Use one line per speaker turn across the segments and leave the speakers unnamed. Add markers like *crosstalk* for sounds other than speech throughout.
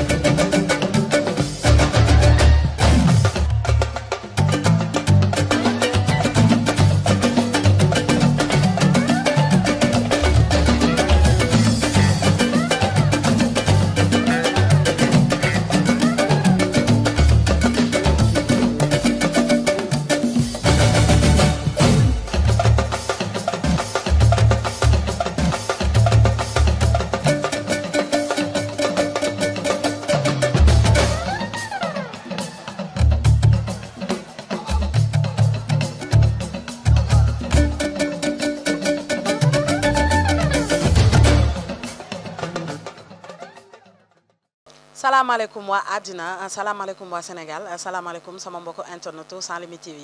Thank you. salaamaaleykum waa àddina salaamaaleykum waa Sénégal salaamaaleykum sama mbokku internetu sans limite TV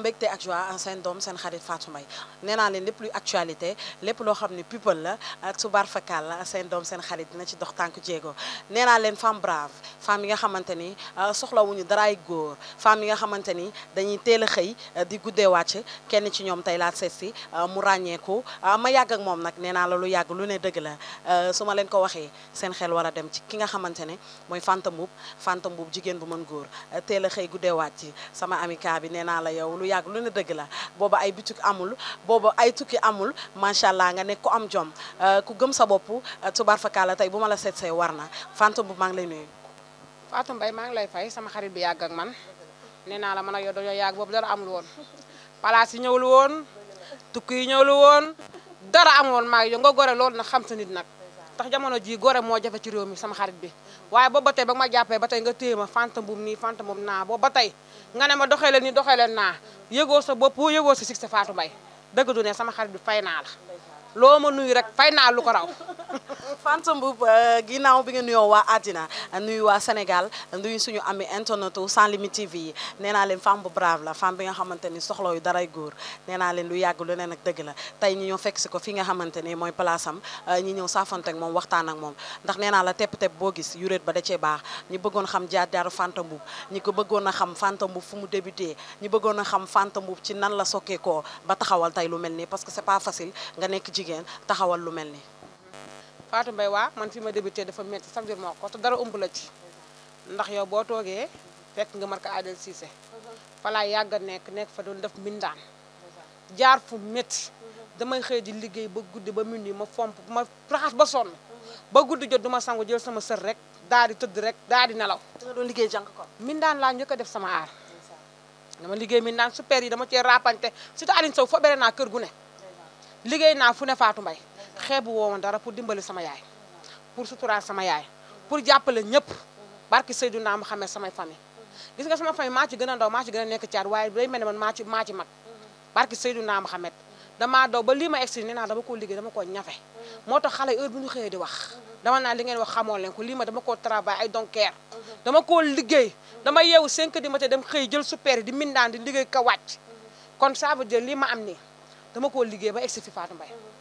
mbégte ak joie seen doom seen xarit Fatou Mbaye nee naa leen lépp luy actualité lépp loo xam ne people la tubaar fakal la seen doom seen xarit dina ci dox tànku jéego nee naa leen femme brave femme nga xamante ni euh, soxlawuñu daraay góor femme yi nga xamante ni dañuy teel a xëy euh, di guddee wàcc kenn ci ñoom tey laat seet si euh, mu ràññeeku ma yàgg ak moom nag nee naa la lu yàgg lu ne dëgg la su ma leen ko waxee seen xel war a dem ci ki nga xamante ne mooy Fanta Mbuub Fanta Mbuub jigéen bu mën góor teel a xëy guddeewaat ci sama amika bi nee naa la yow lu yàgg lu ne dëgg la booba ay bitik amul booba ay tukki amul macha allah nga nekk ko am jom euh, ku gëm sa bopp euh, tubaar fakkaala tey bu ma la seet say war na Fanta Mbuub
maa ngi lay nuyu. Fatou Mbaye maa ngi lay fay sama xarit bi yàgg ak man nee naa la man a yow dañoo yàgg boobu dara amul woon palaas yi ñëwul woon tukki yi ñëwul woon dara amul woon maa ngi yow nga gore loolu na xam sa nit nag tax jamono ji gore moo jafe ci réew mi sama xarit bi waaye boobu ba tey ba ma jàppee ba tey nga téye ma fanta mbum nii fanta mbum naa boobu ba tey nga ne ma doxee leen nii doxee leen naa yëgoo sa bopp yëgoo si sig sa Fatou Mbaye dëgg ne sama xarit bi fay naa la loo ma nuyu rek fay naa lu ko raw.
Fanta Mboup euh, ginnaaw bi nga nuyoo waa àddina nuyu waa Sénégal nuyu suñu ami internet sans limite TV yi nee naa leen bu brave la femme bi nga xamante ni soxla yu daray góor nee naa leen lu yàgg lu ne nag dëgg la tey ñi ñoo fekk si ko fi nga xamante ni mooy place am euh, ñi ñëw saafante ak moom waxtaan ak moom ndax nee naa la tepp-tepp boo gis yuréet ba da cee baax ñi bëggoon xam jaar jaaru Fanta Mboup ñi ko bëggoon a xam Fanta Mboup fu mu débuté ñi bëggoon a xam Fanta Mboup ci nan la sokkeekoo ba taxawal tey lu mel nii parce que c'est jigéen taxawal lu mel ni
Fatou Mbaye waa man fi ma débuté dafa métti chaque jour moo ko te dara ëmb la ci ndax yow boo toogee fekk nga marka Adel Cissé fa laa yàgg nekk nekk fa doon def mbindaan jaar fu métti damay xëy di liggéey ba guddi ba minuit ma fomp ma raxas ba sonn ba guddi jot duma sangu jël sama sër rek daal di tëdd rek daal di nelaw. da nga doon liggéey jàng ko. mbindaan laa njëkk a def sama aar. dama liggéey mbindaan super yi dama cee rapante surtout Aline Sow foo bere naa kër gu ne. liggéey naa fu ne faatu Mbaye xeebu woowoon dara pour dimbali sama yaay pour suturaal sama yaay pour jàppale ñëpp barki Seydouna Muhammad samay famille gis nga sama famille maa ci gën a ndaw maa ci gën a nekk caat waaye day mel ne man maa ci maa ci mag barki Seydouna Muhammad damaa daw ba lii ma egsi nee naa dama koo liggéey dama koo ñafe moo tax xale heure bu ñu di wax dama naa li wax xamoo leen ko lii ma dama koo travail ay donkeer dama koo liggéey dama yeewu 5 di ma te dem xëy jël super di mindaan di liggéey ka wàcc kon ça jël dire lii ma am nii dama koo liggéey ba egsi fi Fatou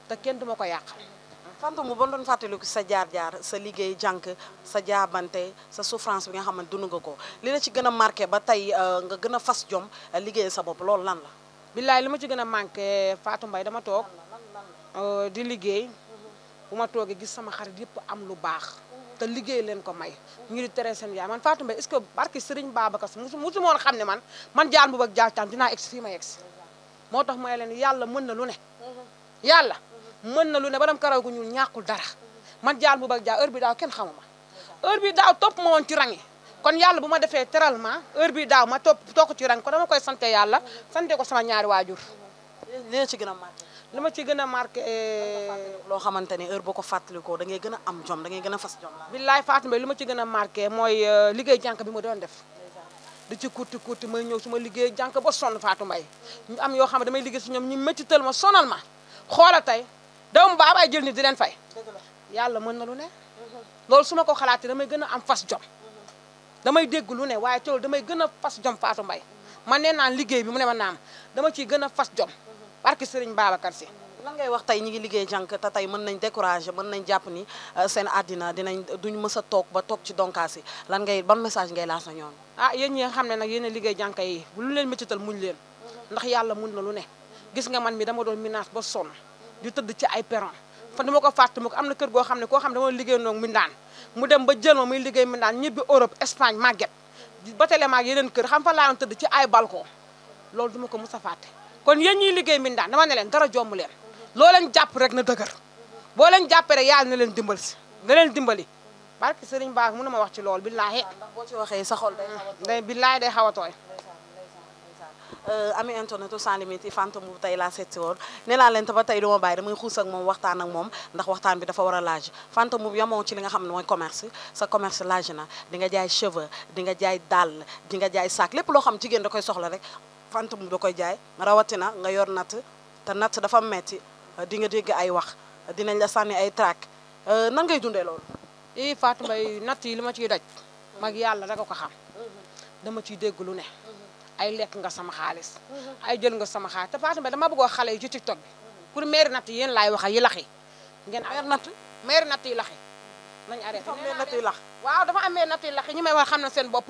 te kenn duma ko yàqal. Fatou mu ba doon fàttaliku sa jaar-jaar sa liggéey jànk sa
jaabante sa souffrance bi nga xam ne nga ko li la ci gën a marqué ba tey euh, nga gën a fas jom euh,
liggéey sa bopp loolu lan la. billaay li ma ci gën a manqué Fatou Mbaye dama toog euh, di liggéey bu ma toogee gis sama xarit yëpp am lu baax. te liggéey leen ko may ñu di tere seen yaay man Fatou est-ce que barke Serigne Babacar Sy musu musu xam ne man man jaan bu bëgg jaal taam dinaa egsi fii ma moo tax may leen yàlla mën na lu ne mhm. yàlla mën na lu ne baram karaw gu ñuul ñàkkul dara man jaal bu ba jaa heure bi daaw kenn xamuma heure bi daaw topp ma woon ci rangi kon yàlla bu ma defee teral ma heure bi daaw ma topp toog ci rangi kon dama koy sante yàlla sante ko sama ñaari waajur mhm. li na ci gën a marqué li ma ci gën a marqué
loo xamante ne heure boo ko fàttalikoo da ngay gën a am jom da ngay gën a fas jom
billaay Fatou Mbaye li ma ci gën a marqué mooy euh, liggéey jànk bi ma doon def da ci kurti kurti may ñëw suma ma liggéey jànk ba sonn Fatou Mbaye am yoo xam ne damay liggéey si ñoom ñu méttital ma sonal ma xoola tey doomu baabaay jël nit di leen fay yàlla mën na lu ne mhm. loolu su ko xalaatee damay gën a am fas jom mhm. damay dégg lu ne waaye tool damay gën a fas jom Fatou mbay mhm. man nee naan liggéey bi mu ne ma naam dama ciy gën a fas jom barki Serigne Babacar Sy lan ngay tey ñi ngi
liggéey jànk te tey mën nañ découragé mën nañ jàpp ni euh, seen àddina dinañ duñ mës a toog ba toog ci donkaas yi lan ngay ban message ngay lancé ñoom.
ah yéen ñi nga xam ne nag yéen liggéey jànk yi lu leen métital muñ leen ndax yàlla mun na lu ne gis nga man mi dama doon minaas ba sonn di tëdd ci ay perron fan dama ko fàtte ma ko am na kër goo xam ne koo xam ne dama liggéey noog mindaan mu dem ba jël ma muy liggéey mindaan ñibbi Europe Espagne màgget ba télé yeneen kër xam fa laa doon ci ay balcon loolu duma ko mës a fàtte kon yéen ñiy liggéey mindaan dama ne leen dara jomb loo leen jàpp rek na dëgër boo leen jàppee rek yàlla na leen dimbal si na leen dimbali barke sëriñ baax mun na ma wax ci lool billaahi boo ci waxee sa xol day billaahi day xaw a tooy
euh, ami internet san limite yi fanta bu tey laa seetsi woon nee naa leen te ba tey duma bàyyi damay xuus ak moom waxtaan ak moom ndax waxtaan bi dafa war a laaj fantôme bu yamoo ci li nga xam ne mooy commerce sa commerce laaj na di nga jaay cheveux dinga nga jaay dàll di nga jaay sac lép loo xam jigéen da koy soxla rek fantôme da koy jaay rawatina nga yor natt te natt dafa metti di nga dégg ay
wax dinañ la sànni ay trac euh, nan ngay dundee loolu. i eh, Fatou natt yi li ma ciy daj. mag yàlla rek ko xam. ciy dégg lu ne. ay lekk nga sama xaalis. ay jël nga sama xaalis te Fatou Mbaye dama bëggoo xale yi ci TikTok bi. pour meeri natt yéen laay waxal yi laxi ngeen a natt meeri natt yi laxi nañu arrêté nee lax waaw dafa amee natt yi lax ñu may wax xam na seen bopp.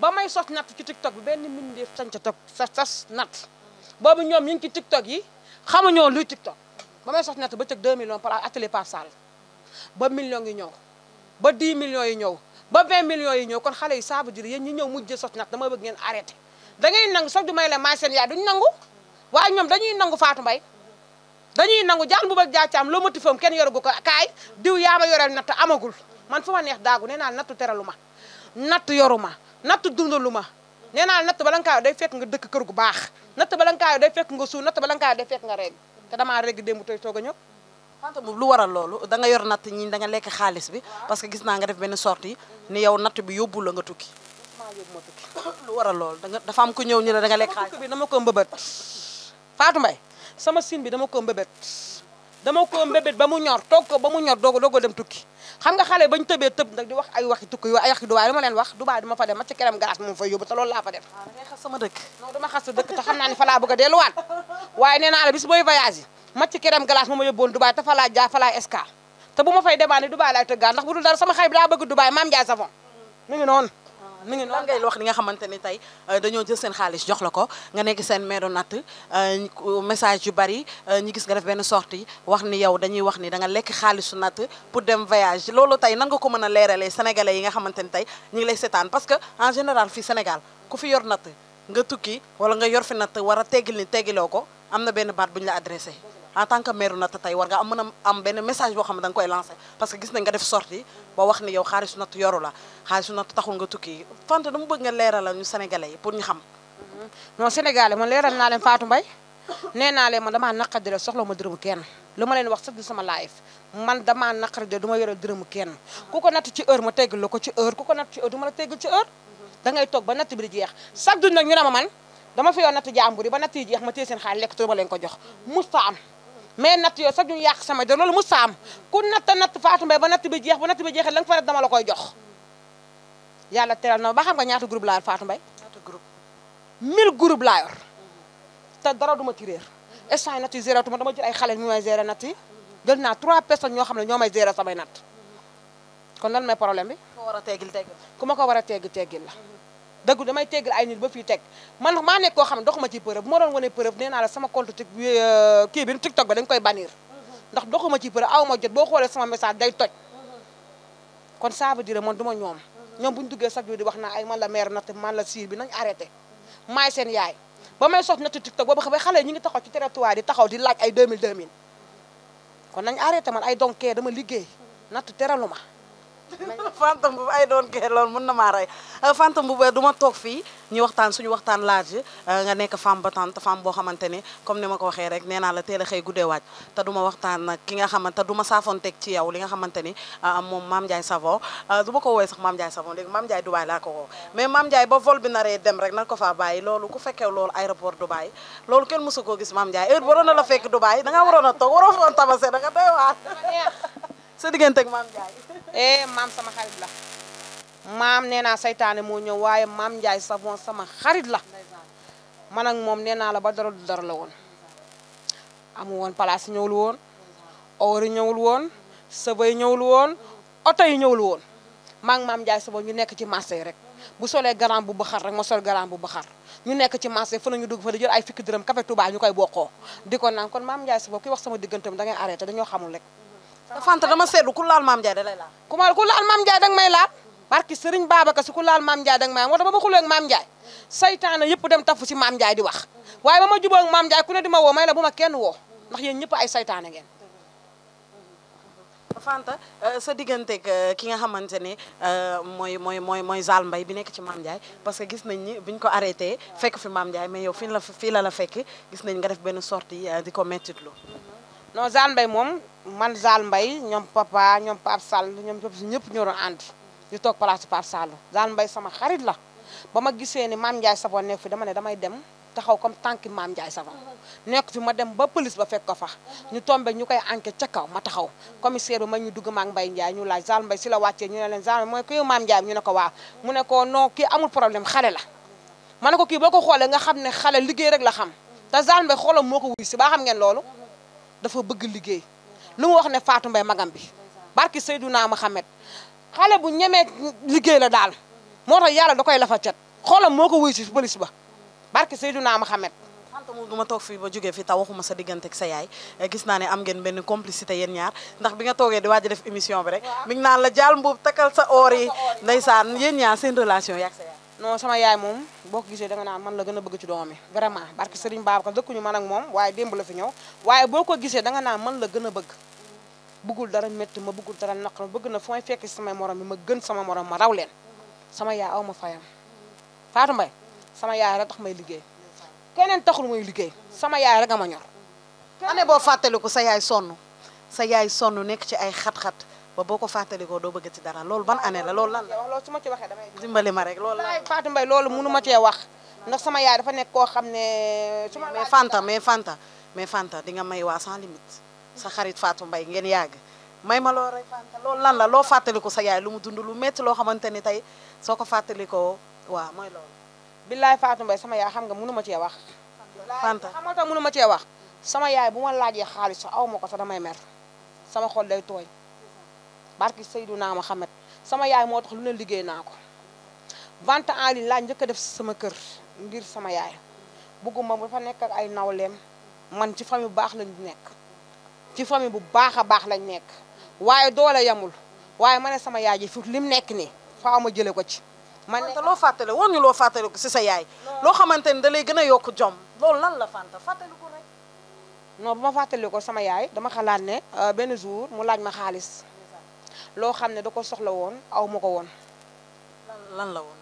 ba may sos natt ci TikTok bi benn mbindeef sañ ca toog sa sas natt boobu ñoom ñu ngi ci TikTok yi xam xamuñoo luy TikTok. ba may sotti natt ba cëg 2 millions par atelier par salle ba million yi ñëw ba 10 millions yi ñëw ba 20 millions yi ñëw kon xale yi ça veut dire yéen ñi ñëw mujj sotti natt dama bëgg ngeen arrêté da ngay nangu soog du may la maay seen yaay duñ nangu waaye ñoom dañuy nangu Fatou Mbaye dañuy nangu jaan bu bëgg jaacaam loo ti fam kenn yoragu ko kaay diw yaa ma yoreel natt amagul man fu ma neex daagu nee naa nattu teralu ma natt yoru ma natt dundalu ma ne naa natt bala nga kaayoo day fekk nga dëkk kër gu baax natt bala nga kaayoo fekk nga suuf natt bala nga kaayoo day fekk nga reeg ka damaa régg démb tey toog a ñëw
tante boobu lu waral loolu danga yor natt ñi danga lekk xaalis bi parce que gis naa nga def benn sortie
ni yow natt bi yóbbu la nga tukki *coughs* lu waral loolu da nga dafa am ku ñëw ñu ne da nga lekk xaalis bi dama ko mbëbët Fatou Mbaye sama sin bi dama ko mbëbët dama ko mbëbët ba mu ñor toog ko ba mu ñor doog doog dem tukki xam nga xale bañ tëbee tëb nag di wax ay waxi tukki ay waxi Dubaay lu ma leen wax Dubaay dama fa dem ma ci këram garaas moom fa yóbbu te loolu laa fa def waaw ah, da ngay xas sama fa laa bëgg a delluwaat la bis mooy voyage yi ma ci këram garaas moom ma yóbboon Dubaay te fa laa jaa fa laa escale bu ma fay demandé Dubaay laay tëggaan ndax bu dul dara sama xarit bi daa Dubaay maam Njaay savon noonu mi ngi lan ngay wax li nga xamante ni tey euh, dañoo jël
seen xaalis jox la ko nga nekk seen meeru natt euh, message yu bari euh, ñu gis nga def benn sortie wax ni yow dañuy wax ni da nga lekk xaalisu natt pour dem voyage loolu tey nan nga ko mën a leeralee sénégalais yi nga xamante ni tey ñu ngi lay seetaan parce que en général fii Sénégal ku fi yor natt nga tukki wala nga yor fi natt war a teggil ni teggiloo ko am na benn baat bu la adressé en tant que maire natt tey war nga am mën a am benn message boo xam ne da nga koy lancé parce que gis nañ nga def sortie ba wax ni yow xaalisu natt yoru la
xaalisu natt taxul nga tukki fante dama bëgg nga leeralal ñu sénégalais yi pour ñu xam mm-hmm. non sénégalais man leeral naa leen Fatou Mbaye nee naa leen man naqari ma dërëmu kenn lu ma leen wax sax di sama live man damaa naqari de du ma yore dërëmu kenn ku ko natt ci heure ma teggal la ko ci heure ku ko natt ci heure du ma la teggal ci heure mm-hmm. da ngay toog ba natt bi jeex chaque jour nag ñu ne ma man dama fi yoon natt jàmbur yi jeex ma téye seen xaalis lekk tu ma leen ko jox mm-hmm. musta am mais natt yooyu sax ñu yàq sama de mu saam ku natt natt Fatou Mbaye ba natt bi jeex ba natt bi jeexee la nga fa def dama la koy jox yàlla teral na ba xam nga ñaata groupe laa yor Fatou Mbaye ñaata groupe mille groupe laa yor te dara duma ci réer natt yi géré tuma dama jël ay xale ñu may géré natt yi jël naa trois personnes ñoo xam ne ñoo may géré samay natt kon lan may problème bi ko war a teggil ku ma ko war a teggi teggil la dëgg damay teggal ay nit ba fii teg man maa nekk koo xam ne doxuma ci preuve bu ma doon wane preuve nee naa la sama compte tik euh, kii bi tiktok ba dañ koy bannir ndax doxuma ci preuve aw ma jot boo xoolee sama message day toj kon ça veut dire man du ma ñoom ñoom bu ñu duggee sax di wax na ay man la mère natt man la siir bi nañ arrêté maay seen yaay ba may sos nattu tiktok boobu xam xale ñu ngi taxaw ci territoire di taxaw di laaj ay 2000 2000 kon nañ arrêté man ay donkee dama liggéey natt teraluma *laughs* fantôme bu ay
doon kee loolu mën na maa rey euh, fantôme bu du ma toog fii ñu waxtaan suñu waxtaan large euh, nga nekk femme battante femme boo xamante ni comme ni ma ko waxee rek nee naa la teel a xëy guddee waaj te du ma waxtaan nag ki nga xamante du ma saafonteeg ci yow ni euh, moom Mame Ndiaye Savon du ma ko woowee sax Mame Ndiaye Savon léegi Mame Ndiaye Dubaay laa ko woo mais Mame Ndiaye ba vol bi naree dem rek nan ko faa bàyyi loolu ku fekkew loolu aéroport Dubaay loolu kenn mosu koo gis Mame Ndiaye heure na la
sa diggante ak maam Ndiaye. eh sama xarit la. maam nee naa saytaane moo ñëw waaye maam Ndiaye savon sama xarit la. man ak moom nee naa la ba dara du dara la woon. amu woon place ñëwul woon. ñëwul woon. sëbëy ñëwul woon. oto yi ñëwul woon. maa ngi maam Ndiaye sabo ñu nekk ci marché rek. bu solee garam bu baxar rek ma sol garam bu baxar ñu nekk ci marché fa la ñu dugg fa di jël ay fukki dërëm café Touba ñu koy bokkoo di ko kon maam Ndiaye sa bopp ki wax sama digganteem da ngay arrêté dañoo xamul rek te Fanta dama seetlu ku laal maam Ndiaye da lay laal. ku ma ku laal maam Ndiaye danga may laal barki Serigne Babacar si ku laal maam Ndiaye danga may moo tax ba maam Ndiaye saytaane yëpp dem tafu si maam Ndiaye di wax waaye ba ma jubóo ak maam Ndiaye ku ne di ma woo may la bu kenn woo ndax yéen ñëpp ay saytaane ngeen.
Fanta euh, sa diggante euh, ki nga xamante ne euh, mooy mooy mooy mooy Zal mbay bi nekk ci Mame Ndiaye parce que gis nañ ni biñ ko arrêté fekk fi Mame Ndiaye mais yow fii la fii fekk gis nañ nga def
benn sortie di ko mettitlu non Zale Mbaye moom man Zale mbay ñoom papa ñoom Pape Sall ñoom ñëpp ñoo doon ànd di toog place Pape Sall Zale mbay sama xarit la ba ma gisee ni Mame Ndiaye Savon nekk fi dama ne damay dem taxaw comme tànki Mame Ndiaye Savon nekk fi ma dem ba police ba fekk ko fa ñu tombé ñu koy enquête ca kaw ma taxaw commissaire bi ma ñu dugg maak mbay Ndiaye ñu laaj Zale Mbaye si la wàccee ñu ne leen Zale mooy ku yow Mame Ndiaye ñu ne ko waaw mu ne ko non ki amul problème xale la ma ne ko kii boo ko xoolee nga xam ne xale liggéey rek la xam te Zale Mbaye xoolam moo ko wuy si ba xam ngeen loolu dafa bëgg liggéey lu mu wax ne Fatou Mbaye magam bi barki Seydouna Mohamed xale bu ñemee liggéey la daal moo tax yàlla da koy lafa cat xoolam moo ko wuy si police ba barki Seydouna
Mohamed xanta mu du ma toog fii ba jógee fi taw waxuma sa diggante sa yaay eh, gis naa ne am ngeen benn complicité yéen ñaar ndax bi nga toogee di waaj def émission bi rek mi ngi naan la jaal mbuub takkal sa oor yi ndeysaan yéen ñaar seen relation yaag
non sama yaay moom boo gisee da nga naan man la gën a bëgg ci doomam yi vraiment barke Serigne Babacar dëkkuñu man ak moom waaye démb la fi ñëw waaye boo ko gisee da nga naan man la gën a bëgg bëggul dara métti ma bëggul dara naq ma bëgg na fu may fekk sama morom bi ma gën sama morom ma raw leen sama yaay aw ma fayam Fatou Mbaye sama yaay rek may liggéey keneen taxul muy liggéey sama yaay rek a ma ñor année boo fàttaliku sa yaay sonn sa yaay sonn nekk ci ay xat-xat ba boo ko fàttalikoo doo bëgg ci dara loolu ban année la loolu lan la. loolu su ma ci waxee damay dimbali ma rek loolu la Fatou Mbaye loolu mënu ma cee wax ndax sama yaay dafa nekk koo xam
ne. su ma mais Fanta mais Fanta mais Fanta di nga may waa sans sa xarit Fatou Mbaye ngeen yàgg may ma loo loolu lan la loo fàttaliku sa yaay lu mu dund lu métti loo xamante
ni tey soo ko fàttalikoo waaw mooy loolu. billaay Fatou Mbaye sama yaay xam nga mënu ma cee wax. Fanta xam mënu ma cee wax. sama yaay bu ma laajee xaalis aw ma ko sax damay mer sama xol day tooy. barki Seydouna Mohamed sama yaay moo tax lu ne liggéey naa ko vente en ligne laa njëkk a def sama kër ngir sama yaay bugguma bu fa nekk ak ay nawleem man ci famille bu baax lañ nekk ci famille bu baax a baax lañ nekk waaye doole yamul waaye ma ne sama yaay ji fii lim nekk nii faaw ma jële ko ci man te loo fàttale woon ñu loo fàttale ko si sa yaay loo xamante ni da lay gën a yokk jom
loolu lan la fanta fàttali ko rek
non ma fàttali ko sama yaay dama xalaat ne euh, benn jour mu laaj ma xaalis loo xam ne da ko soxla woon aw ko woon. lan la woon.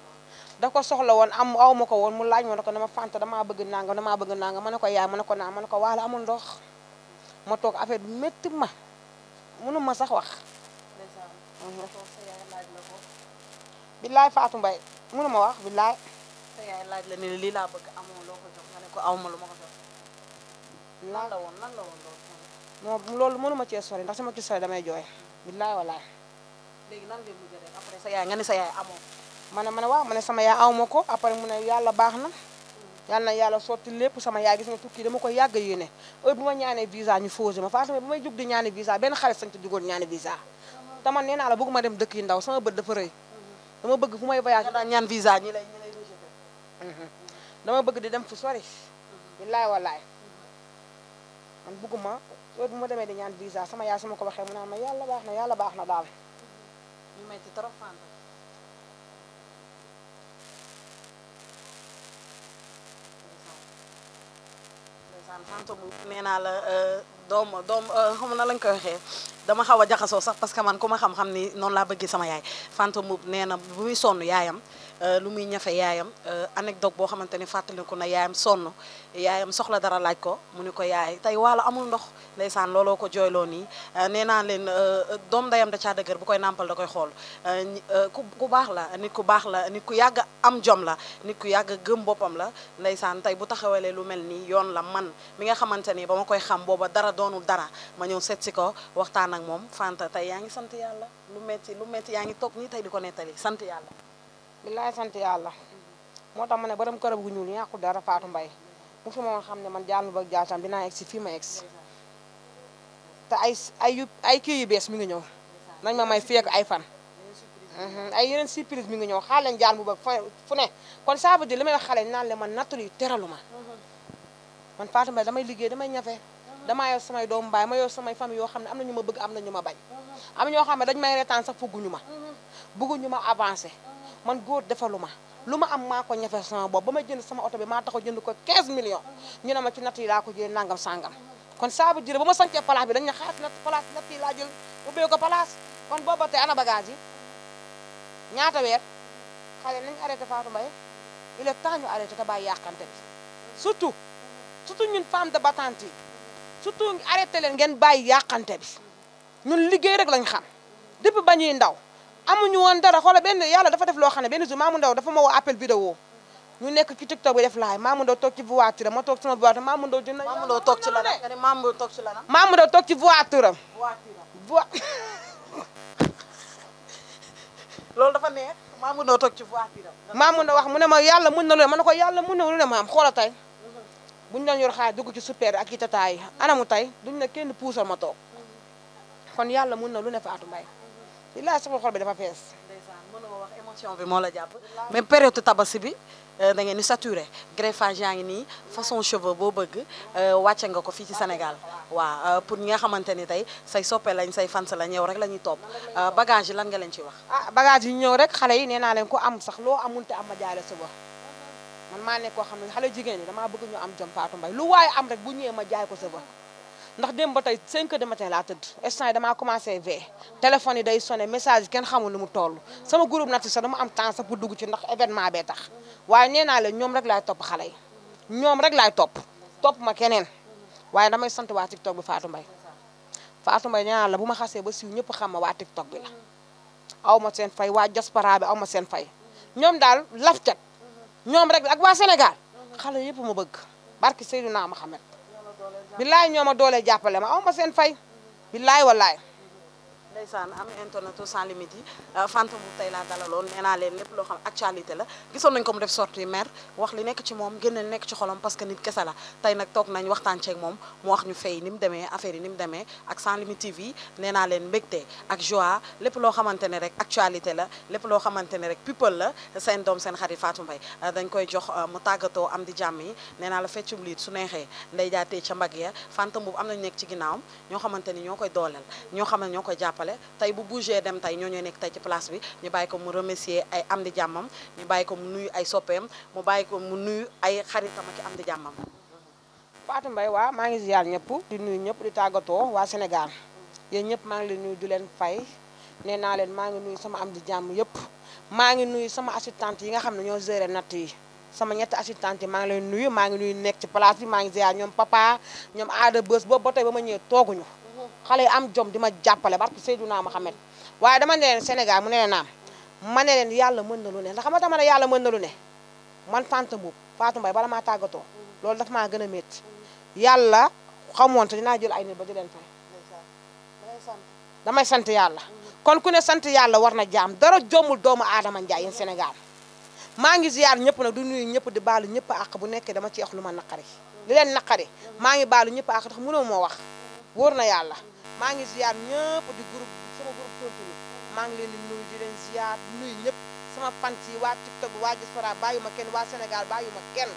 da ko soxla woon am aw ma ko woon mu laaj ma ne ko dama fànta damaa bëgg nangam damaa bëgg nangam ma ne ko yaay ma ne ko naa ma ne ko waala amul ndox ma toog affaire bi métti ma mënu ma sax wax. Mhm. billaay Fatou Mbaye mënu ma wax billaay.
laaj la lii laa bëgg amoo ne
ko aw ma lu ma ko jox.
lan la woon lan la woon
loolu. non loolu ma cee sori ndax sama ci sori damay jooy. billaay walaay. léegi nan nga mujj rek après sa yaay nga ne sa yaay amoo. ma ne ma ne waaw ma ne sama yaay aw ma ko après mu ne yàlla baax na. yàlla na yàlla sotti lépp sama yaay gis nga tukki dama koy yàgg yéene heure bu ma ñaanee visa ñu fausé ma Fatou ba may jug di ñaane visa benn xaalis sañ ci duggoon ñaane visa te man nee naa la bëggu ma dem dëkk yi ndaw sama bët dafa rëy dama bëgg fu may voyage daan ñaan visa ñi lay ñi lay rejeté mhm. dama bëgg di dem fu sori billaay wallaay man bëgguma bu ma demee di ñaan visa sama yaay su ma ko waxee mu naan ma yàlla baax na yàlla baax na daal.
Fanta. ndeysaan Fanta naa la euh, doom doom euh, xam na lañ koy waxee dama xaw a jaxasoo sax parce que man ku ma xam-xam ni noonu laa bëggee sama yaay Fanta mu nee na bu muy sonn yaayam. Euh, lu muy ñafe yaayam euh, anecdote boo xamante ne fàttaliku na yaayam sonn yaayam soxla dara laaj ko mu ni ko yaay tey waalo amul ndox ndeysaan looloo ko jooyloo nii euh, nee naa leen doom ndeyam da caa dëgër bu koy nàmpal da koy xool ku ku baax la nit ku baax la nit ku yàgg am jom la nit ku yàgg gëm boppam la ndeysaan tey bu taxawalee lu mel nii yoon la man mi nga xamante ni ba ma koy xam booba dara doonu dara ma ñëw seet si ko waxtaan ak moom Fanta tey yaa ngi sant lu metti lu metti yaa ngi toog nii tey di ko nettali sant
yàlla billaay sant yàlla moo tax ma ne borom këram gu ñuul yàqu dara Fatou Mbaye mu fi ma woon xam ne man jàll ba jàll tam dinaa egg si fii ma egg te ay ay yu ay kii yu bees mu ngi ñëw nañ ma may fekk ay fan. Mhm, ay yeneen surprise mu ngi ñëw xaar leen bu bëgg fu ne kon ça veut dire li may wax leen man nattul yu teralu ma man Fatou Mbaye damay liggéey damay ñafe. damaa yor samay doomu mbaay ma yor samay famille yoo xam ne am na ñu ma bëgg am na ñu ma bañ. am ñoo xam ne dañ may retaan sax fugguñu ma. bëgguñu ma avancé. man góor defalu ma lu ma am maako ko ñafe sama bopp ba ma jënd sama oto bi maa taxaw jënd ko 15 millions ñu ne ma ci natt yi laa ko jëlee nangam sangam kon ça veut ba ma sancee place bi dañ ne xaar natt place natt yi laa jël ubbee ko place kon booba tey ana bagage yi ñaata weer xale nañ arrêté Fatou Mbaye il est temps ñu te bàyyi yàqante bi surtout surtout ñun femme de battante yi surtout arrêté leen ngeen bàyyi yàqante bi ñun liggéey rek lañ xam depuis ba ñuy ndaw amuñu woon dara xoola benn yàlla dafa def loo xam ne benn jour Mamou Ndao dafa ma woo appel vidéo ñu nekk ci TikTok bi def laay Mamou Ndao toog ci voiture ma toog sama voiture Mamou Ndao dina. Mamou Ndao toog ci la nga ne Mamou Ndao toog ci la nga. Mamou Ndao toog ci voiture am. voiture *laughs* loolu dafa neex Mamou Ndao toog ci voiture am. Mamou Ndao wax mu ne ma yàlla mun na lu ne ma ne ko yàlla mun na lu ne ma am xoola tey mhm. buñu doon yor xaar dugg ci super ak yi tataay anamu tey duñ ne kenn puusal ma toog mhm. kon yàlla mun na lu ne Fatou Mbaye billaay sama xol bi dafa fees. ndeysaan mënoo
bi moo la jàpp. mais période tabasi bi euh, dangeen ngeen di saturé greffage yaa ngi nii façon cheveux boo bëgg euh, wàcce nga ko fii ci Sénégal waa euh, pour ñi nga xamante ni tey say soppe lañ say fans lañ yow rek la ñuy topp bagage yi lan nga ci wax. ah bagage yi ñëw rek xale yi nee
naa leen ko am sax loo amunte am ma jaale suba man maa nekk koo xam ne xale jigéen ñi damaa bëgg ñu am jom Fatou lu waaye am rek bu ñëwee ma jaay ko suba. ndax dem ba tey 5 de matin laa tëdd instant yi damaa commencé veillé téléphone yi day sonné message kenn xamul lu mu toll sama groupe nati sax dama am temps sax pour dugg ci ndax événement bee tax waaye nee la ñoom rek laay topp xale yi ñoom rek laay topp topp ma keneen waaye damay sant waa TikTok bi Fatou Mbaye Fatou Mbaye nee naa la bu ma xasee ba siiw ñëpp xam ma waa TikTok bi la aw ma seen fay waa diaspora bi aw ma seen fay ñoom daal lafcat ñoom rek ak waa Sénégal xale yëpp ma bëgg barki Seydina Mohamed billaay ñoo ma doole jàppale ma aw ma seen fay billaay wallaay
ndeysaan am internet sans limite yi euh, fantôme bu tey laa dalaloon nee leen lépp loo xam actualité la gisoon nañ ko mu def sortie maire wax li nekk ci moom génne nekk ci xolam parce que nit kese la tey nag toog nañ waxtaan ceeg moom mu wax ñu fay ni mu demee affaire yi ni mu demee ak sans limite TV yi nee naa leen mbégte ak joie lépp loo xamante ne rek actualité la lépp loo xamante ne rek people la seen doom seen xarit Fatou mbay euh, dañ koy jox euh, mu tàggatoo am di jàmm yi nee la feccum liit su neexee nday jaatee ca mbag ya fantôme boobu am nañu nekk ci ginnaawam ñoo xamante ni ñoo koy dooleel ñoo xam ne ñoo koy jàpp jàppale tey bu bougé dem tey ñoo ñooy nekk tey ci place bi ñu bàyyi ko mu remercier ay am di jàmmam ñu bàyyi ko mu nuyu ay soppeem mu bàyyi ko mu nuyu ay xaritam ak am di jàmmam
Fatou mbay waa maa ngi ziar ñëpp di nuyu ñëpp di tàggatoo waa Sénégal yéen ñëpp maa ngi leen nuyu du leen fay nee naa leen maa ngi nuyu sama am di jàmm yëpp maa ngi nuyu sama assistante yi nga xam ne ñoo géré natt yi sama ñetti assistante yi maa ngi leen nuyu maa ngi nuyu nekk ci place maa ngi ziar ñoom papa ñoom aada bës boobu ba ma ñëwee tooguñu xale yi am jom di ma jàppale barke Seydina Mohamed waaye dama ne leen Sénégal mu ne naam ma ne leen yàlla mën na lu ne ndax xam ne yàlla mën na lu ne man Fanta Mbuub Fatou bay bala maa tàggatoo loolu dafa maa gën a métti yàlla xamoon te dinaa jël ay ba di leen fay damay sant yàlla kon ku ne sant yàlla war na jaam dara jommul doomu aadama Njaay yéen Sénégal maa ngi ziyaar ñëpp nag du nuyu ñëpp di baalu ñëpp àq bu nekkee dama ci wax lu ma naqari li leen naqari maa ngi baalu ñëpp àq ndax mënoo moo wax wóor na yàlla maa ngi ziar ñëpp di groupe sama groupe continu maa ngi leen di nuyu di leen ziar nuyu ñëpp sama fans yi waa TikTok waa diaspora bàyyu ma kenn waa Sénégal bàyyu ma kenn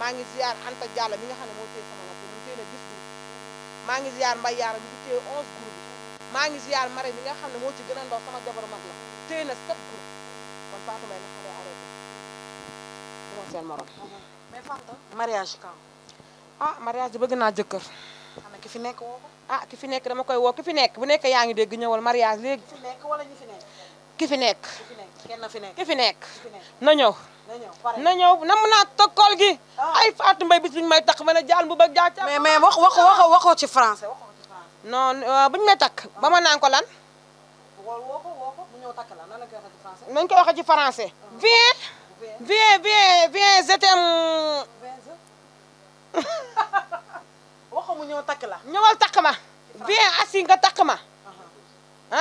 maa ngi ziar Anta Diallo mi nga xam ne moo téye sama natt mu téye na dix groupe maa ngi ziar Mbaye Yaara ngi téye onze mi nga xam ne moo ci gën a ndaw sama jabar mag la mariage quand ah mariage bi bëgg naa jëkkër ah ki fi nekk dama koy woo ki fi nekk bu nekk yaa ngi dégg ñëwal mariage léegi.
ki fi nekk wala fi nekk. ki fi nekk. kenn fi nekk
ki fi nekk. na ñëw. na ñëw pare na ñëw a naa tokkool gi. Ah. ay Fatou Mbaye bis bu ñu may takk ma ne jaal bu bëgg jaajëf. mais mais wax wax ci français waxoo bu ñu may takk ba ma naan ko lan. woo woo ko woo ko mu ñëw takk la nan la koy waxee ci français. nañu koy waxee ci français. Ah. viens. viens viens viens *laughs* waxu ñëw takk la. ñëwal takk ma. bien assis nga takk ma.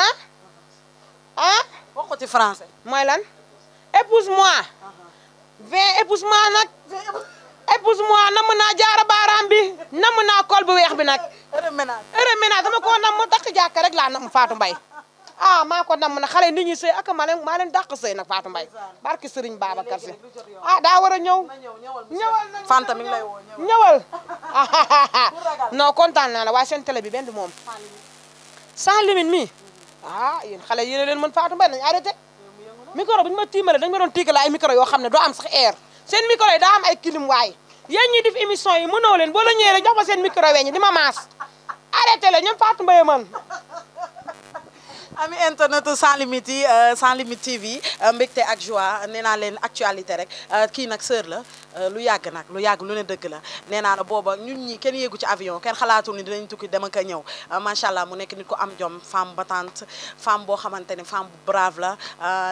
ah ah. wax mooy lan épouse-moi. bien uh-huh. épouse-moi nag. épouse-moi namm naa jaara baaraam bi namm naa kol bu weex bi nag. heureux na heureux ménage dama ko nam mu takk jàkka rek laa nam Fatou mbay ah maa ko nam na xale yi ni ñuy sëy ak ma leen maa leen dàq sëy nag Fatou Mbaye barki Serigne Babacar si ah daa war a ñëw ñëwal Fanta mi ngi lay woo ñëwal *laughs* non kontaan naa la waaye seen télé bi benn moom sans limite mi ah yéen xale yéen leen mën Fatou Mbaye nañu arrêté micro bu ñu ma tiimale dañu ma doon tiikale ay micro yoo xam ne doo am sax air seen micro yi daa am ay kilim waay yéen ñi def émission yi mënoo leen boo la ñëwee rek jox ma seen micro weñ di ma maas arrêté la ñoom Fatou Mbaye man ami internet sans limite yi euh, sans limite TV euh, mbégte
ak joie nee naa leen actualité rek euh, kii nag sœur la lu yàgg nag lu yàgg lu ne dëgg la nee naa la booba ñun ñi kenn yéegu ci avion kenn xalaatu ni dinañ tukki dama ko ñëw macha allah mu nekk nit ko am jom femme battante fem boo xamante ne femme bu brave la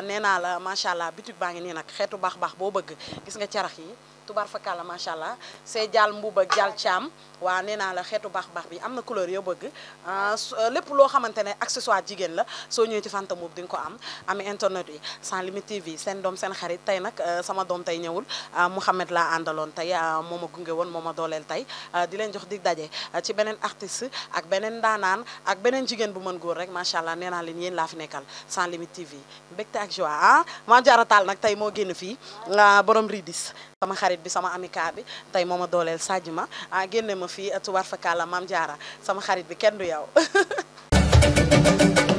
nee naa la macha allah bitig baa ngi nii nag xeetu baax baax boo bëgg gis nga carax yi tubar fakala macha allah see jaal mbuub ak jaal caam waa nee naa la xeetu baax baax bi am na couleur yoo bëgg ah, euh, lépp loo xamante ne accessoire jigéen la soo ñëwee ci Fanta Mbuub di nga ko am ami internet yi sans limite TV seen doom seen xarit tey nag euh, sama doom tey ñëwul ah, Mouhamed la àndaloon tey ah, moo ma gunge woon moo ma dooleel tey di leen jox di daje ci beneen artist ak beneen ndaanaan ak beneen jigéen bu mën góor rek macha allah nee naa leen yéen laa fi nekkal sans limite TV mbégte ak joie ah maa nag tey moo génn fii borom ridis sama xarit bi sama amika bi tey moo ma dooleel Sadji ma ah génne ma fi tubar fa kàlla maam jaara sama xarit bi kenn du yow. *laughs*